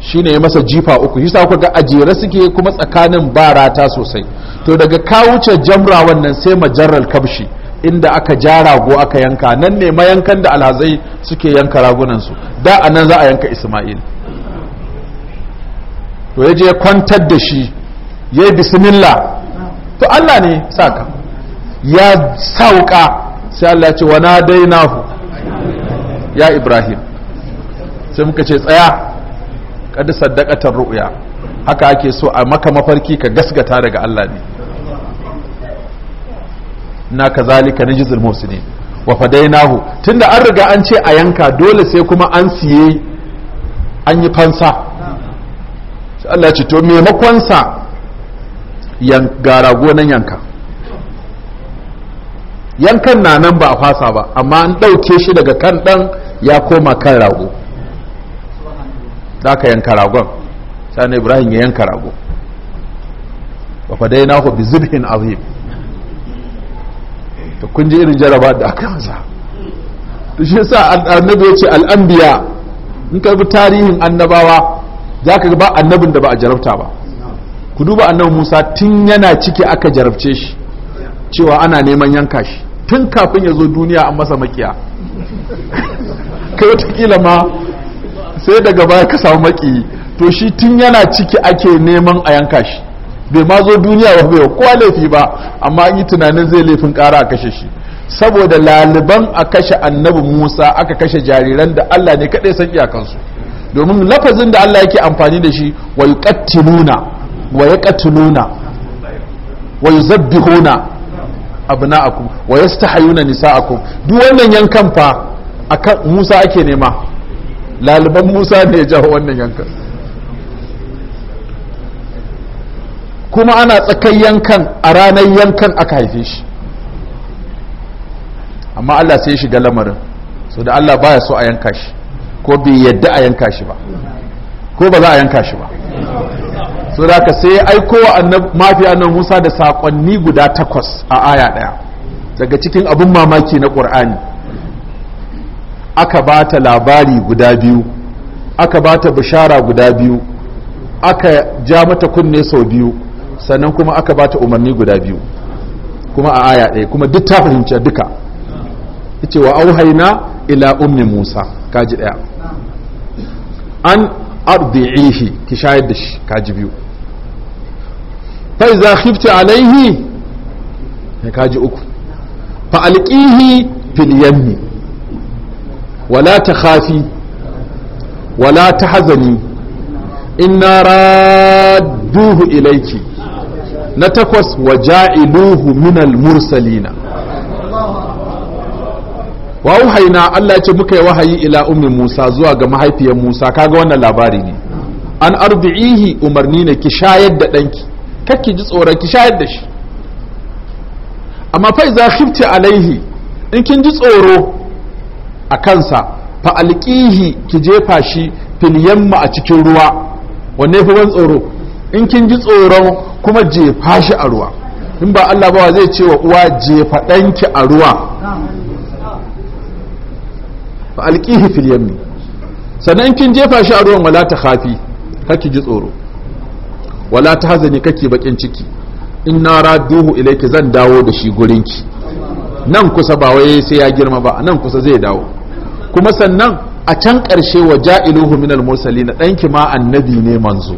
shine ya masa jifa uku shi sa kuka ga ajere suke kuma tsakanin barata sosai to daga kawuce jamra wannan sai majarral kabshi inda aka ja rago aka yanka nan ne mayankan da alhazai suke yanka ragunansu da a nan za a yanka isma'il to ya je kwantar da shi ya yi bismillah to allah ne saka ya sauka sai allah ce wana dainahu ya ibrahim sai muka ce tsaya kada sadakatar ru'ya haka ake so a maka mafarki ka gasgata daga Allah ne na kazalika najzul muhsinin wa fadainahu tunda an riga an ce a yanka dole sai kuma an siye an yi fansa sai Allah ce to maimakon sa gara gonan yanka yankan na nan ba a fasa ba amma an ɗauke shi daga kan ɗan ya koma kan rago za ka yanka ragon sani ibrahim ya yanka rago wa fadai na ku bi zubhin azim to kun ji irin jaraba da aka masa to shi yasa annabi ya ce al'anbiya in ka bi tarihin annabawa za ka ba annabin da ba a jarabta ba ku duba annabi musa tun yana ciki aka jarabce shi cewa ana neman yanka shi tun kafin ya zo duniya an masa makiya kai watakila ma sai daga baya ka samu maki to shi tun yana ciki ake neman a yanka shi bai ma zo duniya ba bai kowa laifi ba amma an yi tunanin zai laifin kara a kashe shi saboda laliban a kashe annabi musa aka kashe jariran da allah ne kaɗai san iyakansu domin lafazin da allah yake amfani da shi wa yuqattiluna wa yaqtuluna wa yuzabbihuna abna'akum wa yastahayuna duk wannan yankan fa akan musa ake nema laliban musa ne ya jawo wannan yankan kuma ana tsakai yankan a ranar yankan aka haife shi amma allah sai shiga lamarin so da allah baya so a yanka shi ko bai yadda a yanka shi ba ko ba za a yanka shi ba so da ka sai aiko wa mafi annan musa da saƙonni guda takwas a aya ɗaya daga cikin abin mamaki na ƙur'ani aka ba ta labari guda biyu aka ba ta bishara guda biyu aka ja mata kunne sau biyu sannan kuma aka ba ta umarni guda biyu kuma a aya ɗaya kuma duk ta fahimci duka ita wa auhaina ila ummi musa kaji ɗaya an ardi'ihi ki shayar da shi kaji biyu fa za khifti alaihi kaji uku fa alƙihi fil yammi wala ta khafi wala ta hazani inna raduhu ilaiki na takwas wa ja'iluhu minal mursalina Wa'u haina Allah ya ce muka yi wahayi ila ummi Musa zuwa ga mahaifiyar Musa kaga wannan labari ne an arbi'ihi umarni ne ki shayar da danki kakki ji tsoron ki shayar da shi amma fa iza khifti alaihi in kin ji tsoro a kansa fa alƙihi ki jefa shi fil yamma a cikin ruwa wanne fa ban tsoro in kin ji tsoron kuma jefa shi a ruwa in ba Allah ba zai ce wa uwa jefa danki a ruwa fa alƙihi fil yammi sannan kin jefa shi a ruwan wala ta khafi kake ji tsoro wala ta hazani kake bakin ciki in na raduhu ilayki zan dawo da shi gurinki nan kusa ba wai sai ya girma ba nan kusa zai dawo kuma sannan a can ƙarshe wa ja'iluhu mursali na ɗanki ma annabi ne manzo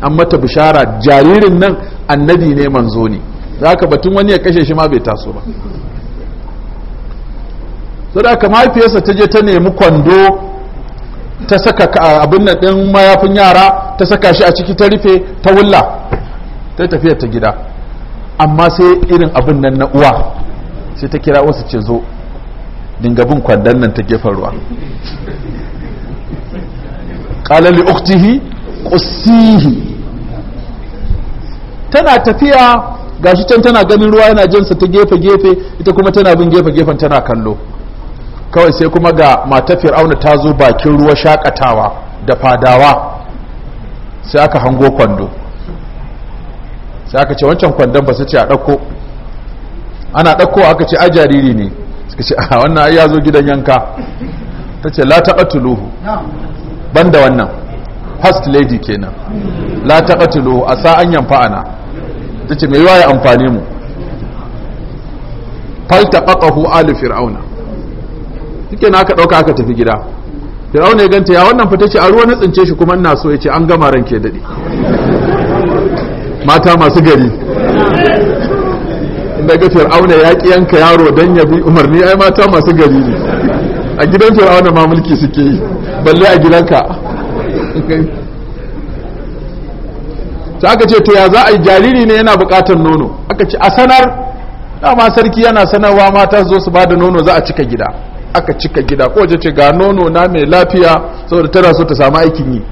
an mata bishara jaririn nan annabi ne manzo ne za ka batun wani ya kashe shi ma bai taso ba so da aka mahaifiyarsa ta je ta nemi kwando ta saka abin nan ɗin mayafin yara ta saka shi a ciki ta rufe ta wulla ta tafiya ta gida amma sai irin abin nan na uwa sai ta kira wasu ce zo bin kwandon nan ta gefen ruwa ƙalali uktihi ƙusihi tana tafiya gashi can tana ganin ruwa yana jinsa ta gefe-gefe ita kuma tana bin gefe-gefen tana kallo kawai sai kuma ga matar fir'auna ta zo bakin ruwa shakatawa da fadawa sai aka hango kwando sai aka ce wancan kwandon ba su ce a ɗauko ana ɗauko aka ce a jariri ne suka ce a ah, wannan ya zo gidan yanka ta ce la taɓa tuluhu ban da wannan first lady kenan la taɓa tuluhu a sa'an yamfa ana ta ce mai yawa amfani mu falta ƙaƙahu ali fir'auna suke na aka ɗauka aka tafi gida fir'auna ya ganta ya wannan fita ce a ruwa na tsince shi kuma ina so ya ce an gama ranke daɗi. daɗe mata masu gari inda ga fir'auna ya ƙi yanka yaro don ya bi umarni ai mata masu gari ne a gidan fir'auna ma mulki suke yi balle a gidanka ta aka ce to ya za a yi jariri ne yana buƙatar nono aka ce a sanar dama sarki yana sanarwa mata su zo su ba da nono za a cika gida aka cika gida ko je ce ga nono na mai lafiya saboda tana so ta samu aikin yi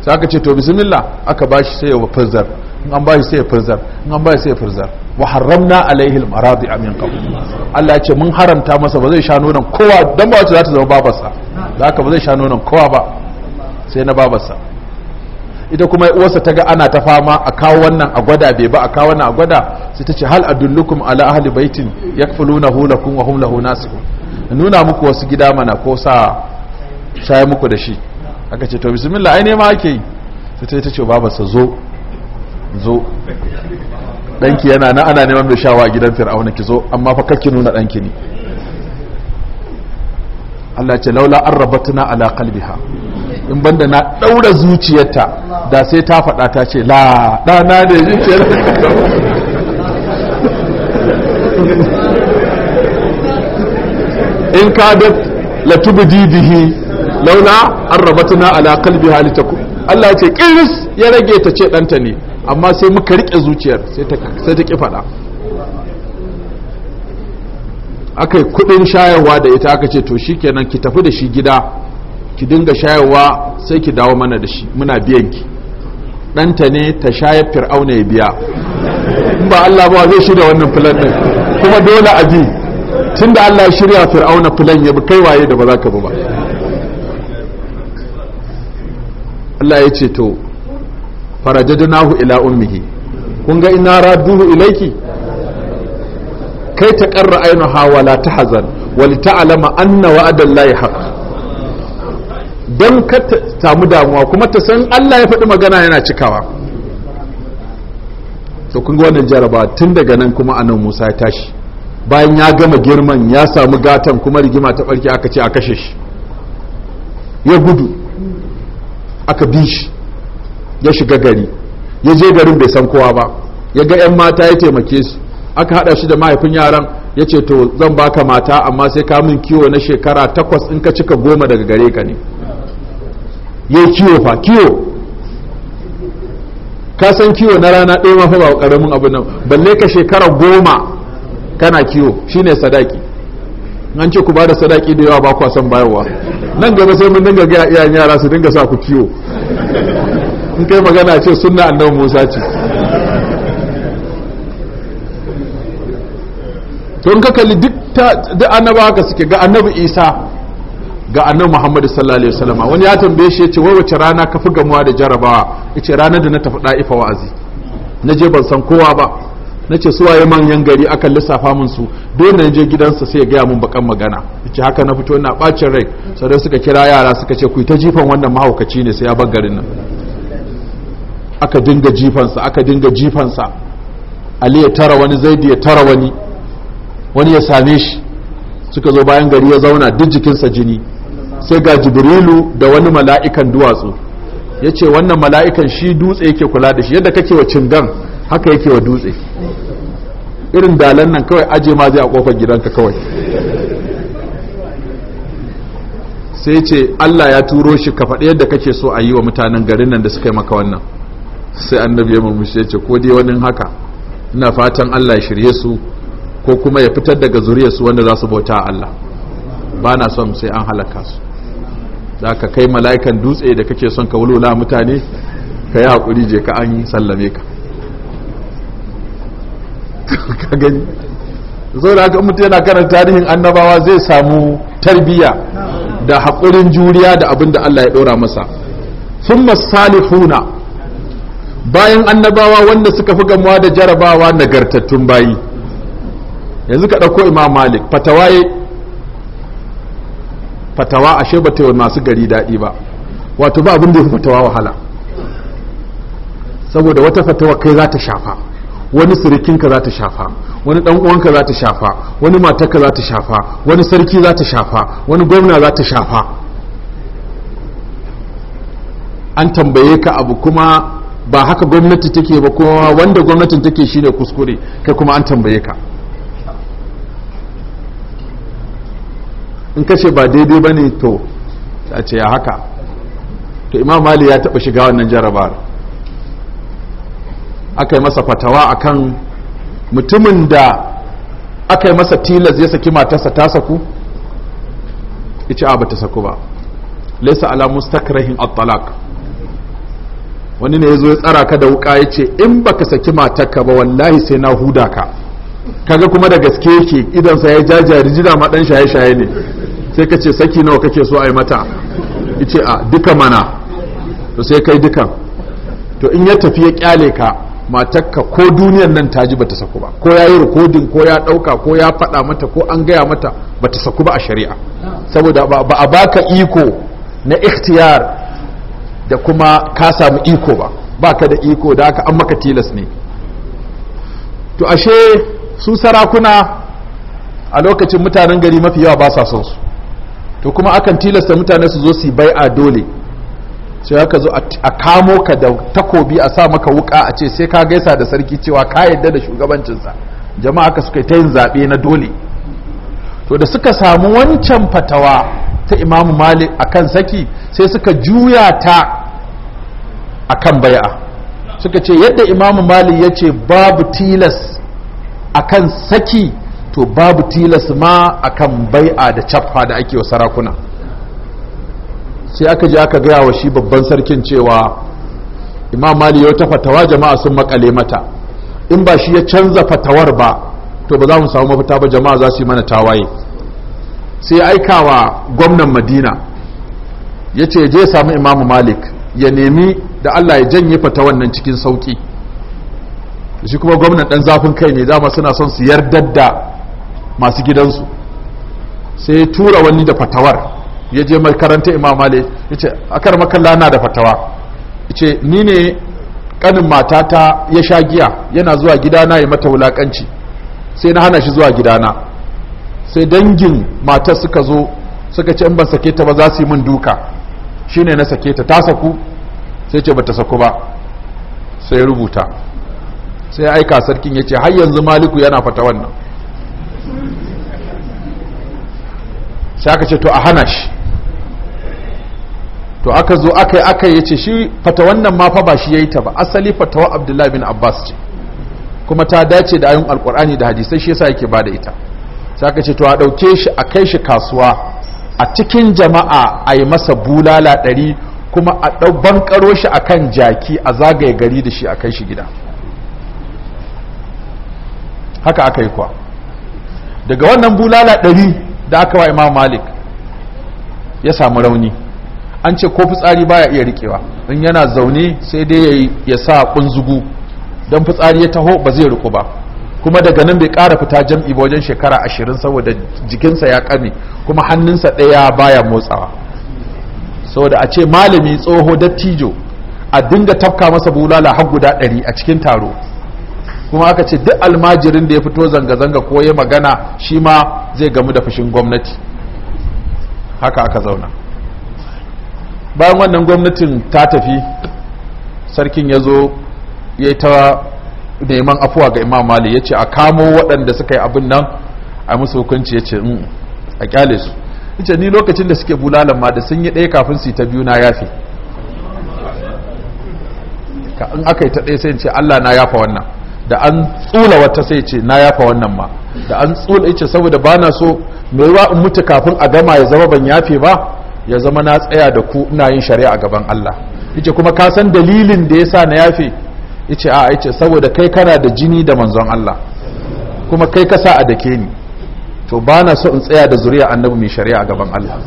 sai aka ce to bismillah aka bashi sai ya fazzar in an bashi sai ya firzar in an bashi sai ya firzar wa haramna alaihi al-maradi min qabl Allah ya ce mun haramta masa ba zai sha nonon kowa dan ba wacce za ta zama babarsa da haka ba zai sha nonon kowa ba sai na babarsa ita kuma uwarsa ta ga ana ta fama a kawo wannan a gwada bai ba a kawo wannan a gwada sai ta ce hal adullukum ala ahli baitin yakfulunahu lakum wa hum lahu nasihun nuna muku wasu gida mana ko sa shaye muku da shi aka ce to bismillah ai ne ma ake yi sai ta ce babarsa zo zo ɗanki yana na ana neman mai shawa a gidan fir'auna ki zo amma fa kakki nuna ɗanki ne Allah ce laula an rabatuna ala qalbiha in banda na ɗaura zuciyarta da sai ta faɗa ta ce la ɗana ne zuciyar in ka da latubu bihi laula an rabatuna ala qalbiha litakun Allah ce kiris ya rage ta ce ɗanta ne amma sai muka riƙe zuciyar sai ta ƙi faɗa aka yi kuɗin shayarwa da ita aka ce to shi kenan ki tafi da shi gida ki dinga shayarwa sai ki dawo mana da shi muna biyan ki ɗanta ne ta shayar fir'auna ya biya in ba Allah ba zai shirya wannan filan ɗin kuma dole a bi tun da Allah ya shirya fir'auna filan ya bi kai waye da ba za ka bi ba Allah ya ce to farajadnahu ila ummihi kun ga inna radduhu ilaiki? kai ta karra ainuha wala tahzan wal ta'lama anna wa'adallahi haqq don ka samu damuwa kuma ta san Allah ya faɗi magana yana cikawa to kun ga wannan jaraba tun daga nan kuma anan Musa ya tashi bayan ya gama girman ya samu gatan kuma rigima ta barki aka ce a kashe shi ya gudu aka bi shi ya shiga gari ya je garin bai san kowa ba ya ga 'yan mata ya taimake su aka haɗa shi da mahaifin yaran ya ce to zan baka mata amma sai ka min kiwo na shekara takwas in ka cika goma daga gare ka ne ya kiwo fa kiwo ka san kiwo na rana ɗaya mafi ba ƙaramin abin nan balle ka shekara goma kana kiwo shine sadaki an ce ku ba da sadaki da yawa ba kwa son bayarwa nan gaba sai mun dinga gaya iyayen yara su dinga sa ku kiwo in kai magana ce sunna annabi Musa ce don ka kalli duk annaba haka suke ga annabi Isa ga annabi Muhammad sallallahu alaihi wasallama wani ya tambaye shi yace ce wace rana ka fi gamuwa da jarabawa yace ranar da na tafi da'ifa wa'azi na je ban san kowa ba na ce su waye manyan gari akan lissafa min su dole na je gidansa sai ya gaya mun bakan magana yace haka na fito ina bacin rai sai suka kira yara suka ce ku ta jifan wannan mahaukaci ne sai ya bar garin nan aka dinga jifansa aka dinga jifansa ali ya tara wani zaidi ya tara wani wani ya same shi suka zo bayan gari ya zauna duk jikinsa jini sai ga jibrilu da wani mala'ikan duwatsu ya ce wannan mala'ikan shi dutse yake kula da shi yadda kake wa cingan haka yake wa dutse irin dalan nan kawai aje ma zai a kofar gidanka kawai sai ce allah ya turo shi ka faɗi yadda kake so a yi wa mutanen garin nan da suka yi maka wannan sai annabi ya murmushi ya ce ko dai wani haka ina fatan Allah ya shirye su ko kuma ya fitar daga zuriyar su wanda za su bauta Allah ba na son sai an halaka su za ka kai mala'ikan dutse da kake son ka wulula mutane ka yi hakuri je ka an yi sallame ka ka gani zo da haka mutu yana karan tarihin annabawa zai samu tarbiyya da hakurin juriya da abin da Allah ya ɗora masa sun masalihuna bayan annabawa wanda suka fi gamuwa da jarabawa nagartattun bayi yanzu ka ɗauko imam malik fatawaye fatawa ashe ba ta yi masu gari daɗi ba wato ba abin da ya fi fatawa wahala saboda wata fatawa kai za ta shafa wani sirikinka za ta shafa wani dan uwanka za ta shafa wani matarka za ta shafa wani sarki za ta shafa wani gwamna za ta shafa an tambaye ka abu kuma ba haka gwamnati take ba kuma wanda gwamnatin take shi ne kuskure kai kuma an tambaye ka in kace ba daidai ba ne to a ce ya haka to imam mali ya taba shiga wannan jarabar aka yi masa fatawa akan mutumin da aka yi masa tilas ya saki matarsa ta saku ita a ta saku ba laisa ala mustakrahin at-talaq wani ne ya zo ya tsara ka da wuka ya ce in baka saki matarka ba wallahi sai na huda ka kaga kuma da gaske yake idansa ya jajari jina ma dan shaye shaye ne sai ka ce saki nawa kake so a yi mata ce a duka mana to sai kai dukan to in ya tafi ya kyale ka matarka ko duniyar nan ta ji bata saku ba ko ya yi rikodin ko ya dauka ko ya faɗa mata ko an gaya mata bata saku ba a shari'a saboda ba a baka iko na ikhtiyar da kuma ka samu iko ba ba ka da iko da aka an maka tilas ne to ashe su sarakuna a lokacin mutanen gari mafi yawa ba sa son su to kuma akan tilasta mutane su zo su bai a dole sai aka zo a kamo ka da takobi a sa maka wuka a ce sai ka gaisa da sarki cewa ka yadda da shugabancinsa jama'a ka suka yi ta yin zaɓe na dole to da suka samu wancan fatawa ta imamu malik akan saki sai suka juya ta akan bai'a suka ce yadda imam malik ya ce babu tilas akan saki to babu tilas ma akan bai'a da caffa da ake wa sarakuna sai aka je aka gaya wa shi babban sarkin cewa imam mali ya fatawa jama'a sun makale mata in ba shi ya canza fatawar ba to ba za mu samu mafita ba jama'a za su yi mana tawaye sai aikawa gwamnan madina ya ce je samu imam malik ya nemi da Allah ya janye fata wannan cikin sauki shi kuma gwamnan dan zafin kai ne zama suna son su yardar da masu gidansu sai ya tura wani da fatawar ya je makaranta imam male ya ce a kar makalla na da fatawa ya ce ni ne kanin matata ya sha giya yana zuwa gidana ya mata wulakanci sai na hana shi zuwa gidana sai dangin matar suka zo suka ce in ban sake ta ba za su yi min duka shine na sake ta ta saku sai ce bata saku ba sai rubuta sai aika sarkin ya ce har yanzu maliku yana fata wannan sai aka ce to a hana shi to aka zo aka yi aka yi ce shi fata wannan ma fa ba shi yi ta ba asali fatawa abdullahi bin abbas ce kuma ta dace da ayin alkur'ani da hadisai shi yasa yake bada ita sai aka ce to a ɗauke shi a kai shi kasuwa a cikin jama'a a yi masa bulala ɗari kuma a ɗau bankaro shi a kan jaki a zagaye gari da shi a kai shi gida haka aka yi kuwa daga wannan bulala ɗari da aka wa imam malik ya samu rauni an ce ko fitsari baya iya rikewa in yana zaune sai dai ya sa kunzugu don fitsari ya taho ba zai riƙu ba kuma daga nan bai ƙara fita jam'i ba wajen shekara ashirin saboda jikinsa ya ƙame kuma hannunsa ɗaya baya motsawa saboda a ce malami tsoho dattijo a dinga tafka masa bulala har guda ɗari a cikin taro kuma aka ce duk almajirin da ya fito zanga-zanga ko ya magana shi ma zai gamu da fushin gwamnati haka aka zauna bayan wannan gwamnatin ta tafi sarkin ya zo ya yi ta neman afuwa ga imam mali ya ce a kamo waɗanda suka yi abin nan a musu hukunci ya ce mm, a kyale su ya ce ni lokacin da suke bulalan ma da sun yi ɗaya kafin su ta biyu na yafe ka in aka yi ta ɗaya sai ce allah na yafa wannan da an tsula wata sai ce na yafa wannan ma da an tsula ya ce saboda ba na so mai ruwa in mutu kafin a gama ya zama ban yafe ba ya zama na tsaya da ku ina yin shari'a gaban allah ya ce kuma ka san dalilin da ya sa na yafe yace a yace saboda kai kana da jini da manzon Allah kuma kai ka sa a dake ni to ba na so in tsaya da zuriya annabi mai shari'a gaban Allah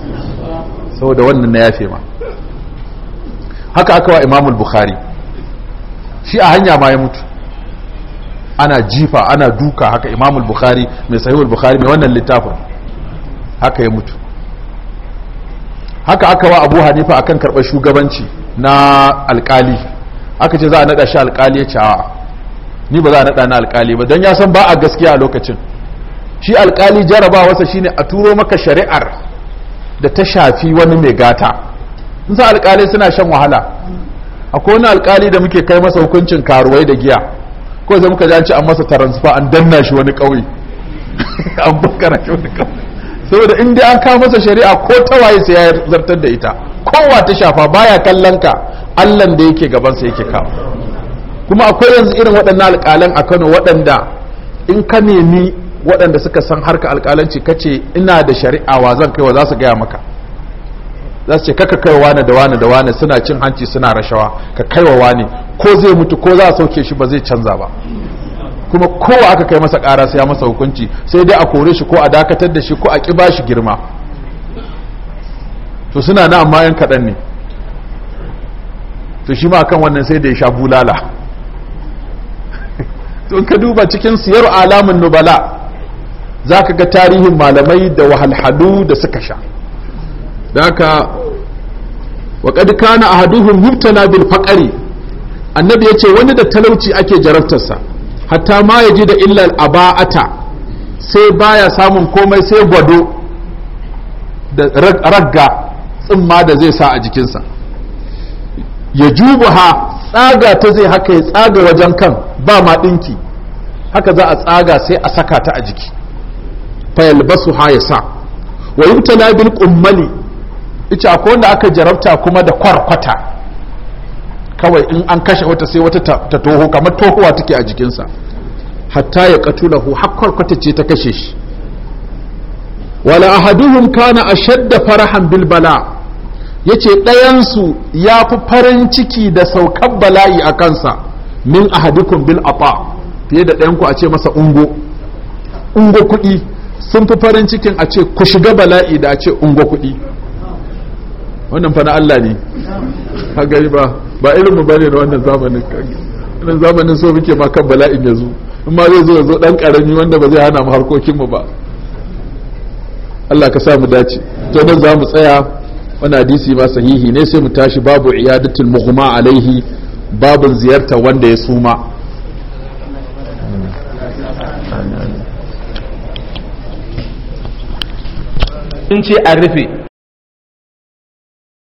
saboda wannan na yafe ma haka aka wa imamul bukhari shi a hanya ma ya mutu ana jifa ana duka haka imamul bukhari mai sahihul bukhari mai wannan littafin haka ya mutu haka aka wa abu hanifa akan karɓar shugabanci na alƙali. aka ce za a naɗa shi alkali ya ce ni ba za a naɗa na alkali ba don ya san ba a gaskiya a lokacin shi alkali alƙali shi shine a turo maka shari'ar da ta shafi wani mai gata in sa alkali suna shan wahala akwai wani alkali da muke kai masa hukuncin karuwai da giya ko zai muka ji an masa taransifa an danna shi wani ƙauye an bukara shi wani ƙauye saboda in dai an kawo masa shari'a ko ta waye sai ya zartar da ita kowa ta shafa baya kallon ka allan da yake gaban sa yake kawo kuma akwai yanzu irin waɗannan alƙalan a Kano waɗanda in ka nemi waɗanda suka san harka alƙalanci kace ina da shari'a wa zan kaiwa za su gaya maka za su ce kaka kai wane da wane da wane suna cin hanci suna rashawa ka kaiwa wane ko zai mutu ko za a sauke shi ba zai canza ba kuma kowa aka kai masa ƙara sai ya masa hukunci sai dai a kore shi ko a dakatar da shi ko a ƙi ba shi girma to suna na amma yan kaɗan ne to shi ma kan wannan sai da ya sha bulala to ka duba cikin siyar alamun nubala za ka ga tarihin malamai da wahalhalu da suka sha da haka a haduhun أحدهم bil faƙari annabi ya ce wani da talauci ake jarabtarsa hatta ma ya ji da illal aba'ata sai baya samun komai sai gwado da ragga tsimma da zai sa a jikinsa ya jubu ha, tsaga ta zai haka ya tsaga wajen kan ba ma ɗinki haka za a tsaga sai a saka ta a jiki Fayal fayalbasu ha ya sa wa yi ta labin qummali ita akwai wanda aka jarabta kuma da kwarkwata kawai in an kashe wata sai wata ta toho kamar tohuwa take a jikinsa hatta ya hu hakkar kwata ce ta kashe shi wala ahaduhum kana ashadda farahan bil bala yace ɗayansu ya fi farin ciki da saukar bala'i a kansa min ahadukum bil afa fiye da ku a ce masa ungo ungo kuɗi sun fi farin cikin a ce ku shiga bala'i da a ce ungo kuɗi wannan fa na Allah ne hagari ba ba irin mu bane na wannan zamanin wannan zamanin so muke ma kan bala'in ya zo in ma zai zo ya zo dan karami wanda ba zai hana mu harkokin mu ba Allah ka sa mu dace to nan za mu tsaya wani hadisi ba sahihi ne sai mu tashi babu iyadatul mughma alaihi babu ziyarta wanda ya suma in ce a rufe